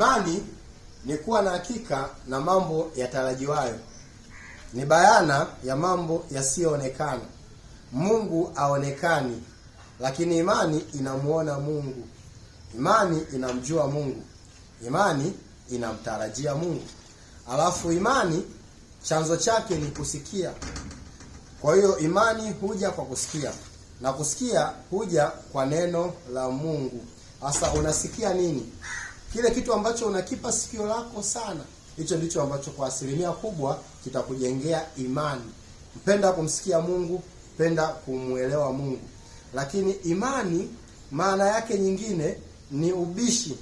Imani ni kuwa na hakika na mambo yatarajiwayo, ni bayana ya mambo yasiyoonekana. Mungu aonekani, lakini imani inamuona Mungu, imani inamjua Mungu, imani inamtarajia Mungu. Alafu imani chanzo chake ni kusikia. Kwa hiyo imani huja kwa kusikia na kusikia huja kwa neno la Mungu. Sasa unasikia nini? Kile kitu ambacho unakipa sikio lako sana, hicho ndicho ambacho kwa asilimia kubwa kitakujengea imani. Mpenda kumsikia Mungu, penda kumwelewa Mungu. Lakini imani maana yake nyingine ni ubishi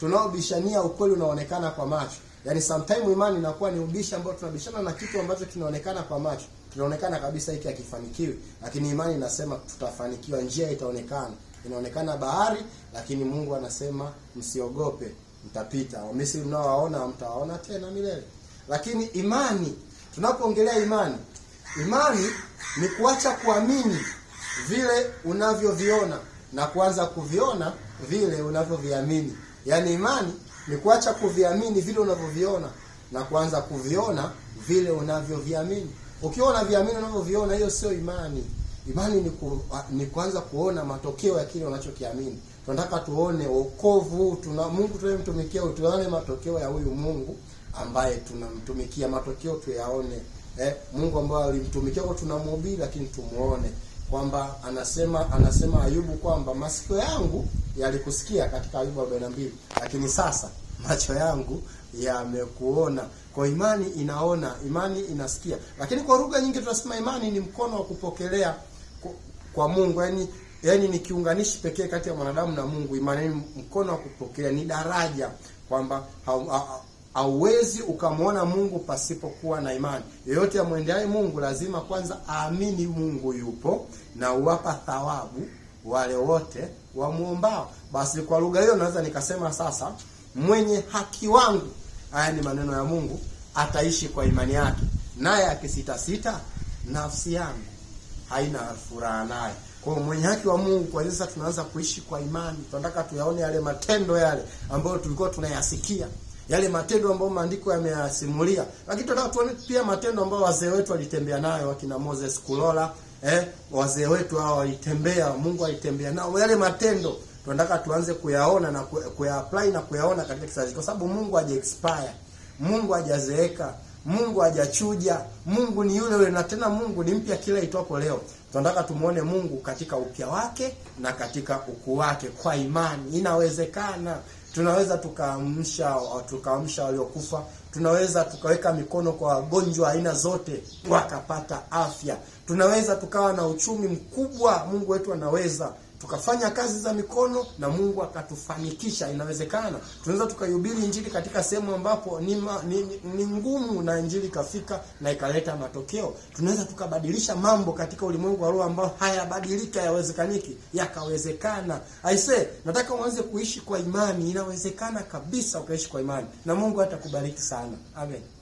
tunaobishania ukweli unaonekana kwa macho. Yaani sometime imani inakuwa ni ubishi ambao tunabishana na kitu ambacho kinaonekana kwa macho. Kinaonekana kabisa hiki hakifanikiwi, lakini imani inasema tutafanikiwa, njia itaonekana inaonekana bahari, lakini Mungu anasema msiogope, mtapita. Wamisri mnaowaona hamtawaona tena milele. Lakini imani, tunapoongelea imani, imani ni kuacha kuamini vile unavyoviona na kuanza kuviona vile unavyoviamini. Yaani imani ni kuacha kuviamini vile unavyoviona na kuanza kuviona vile unavyoviamini. Ukiwa unaviamini unavyoviona, hiyo sio imani. Imani ni, ku, ni kuanza kuona matokeo ya kile unachokiamini. Tunataka tuone wokovu, tuna Mungu tunayemtumikia, tuone matokeo ya huyu Mungu ambaye tunamtumikia, matokeo tuyaone. Eh, Mungu ambaye alimtumikia kwa tunamhubiri, lakini tumuone kwamba anasema anasema Ayubu kwamba masikio yangu yalikusikia katika Ayubu mbili lakini sasa macho yangu yamekuona. Kwa imani inaona, imani inasikia. Lakini kwa lugha nyingi tunasema imani ni mkono wa kupokelea kwa Mungu, yani yani ni kiunganishi pekee kati ya mwanadamu na Mungu. Imani ni mkono wa kupokea, ni daraja kwamba hauwezi ukamwona Mungu pasipokuwa na imani. Yeyote amwendeaye Mungu lazima kwanza aamini Mungu yupo na uwapa thawabu wale wote wamwombao. Basi kwa lugha hiyo naweza nikasema sasa, mwenye haki wangu, haya ni maneno ya Mungu, ataishi kwa imani yake, naye akisitasita, nafsi yangu haina furaha naye. Kwa hiyo mwenye haki wa Mungu kwa sasa tunaanza kuishi kwa imani. Tunataka tuyaone yale matendo yale ambayo tulikuwa tunayasikia. Yale matendo ambayo maandiko yameyasimulia. Lakini tunataka tuone pia matendo ambayo wazee wetu walitembea nayo wakina Moses Kulola, eh, wazee wetu hao walitembea, Mungu alitembea nao. Yale matendo tunataka tuanze kuyaona na kuya na kuyaona katika kizazi kwa sababu Mungu haja expire. Mungu hajazeeka. Mungu hajachuja, Mungu ni yule yule, na tena Mungu ni mpya kila itwapo leo. Tunataka tumuone Mungu katika upya wake na katika ukuu wake kwa imani. Inawezekana, tunaweza tukaamsha tukaamsha waliokufa, tunaweza tukaweka mikono kwa wagonjwa aina zote wakapata afya, tunaweza tukawa na uchumi mkubwa. Mungu wetu anaweza tukafanya kazi za mikono na Mungu akatufanikisha. Inawezekana tunaweza tukahubiri injili katika sehemu ambapo ni, ma, ni, ni ngumu na injili ikafika na ikaleta matokeo. Tunaweza tukabadilisha mambo katika ulimwengu wa roho ambao hayabadilika, yawezekaniki, yakawezekana. Aise, nataka uanze kuishi kwa imani. Inawezekana kabisa ukaishi kwa imani na Mungu atakubariki sana. Amen.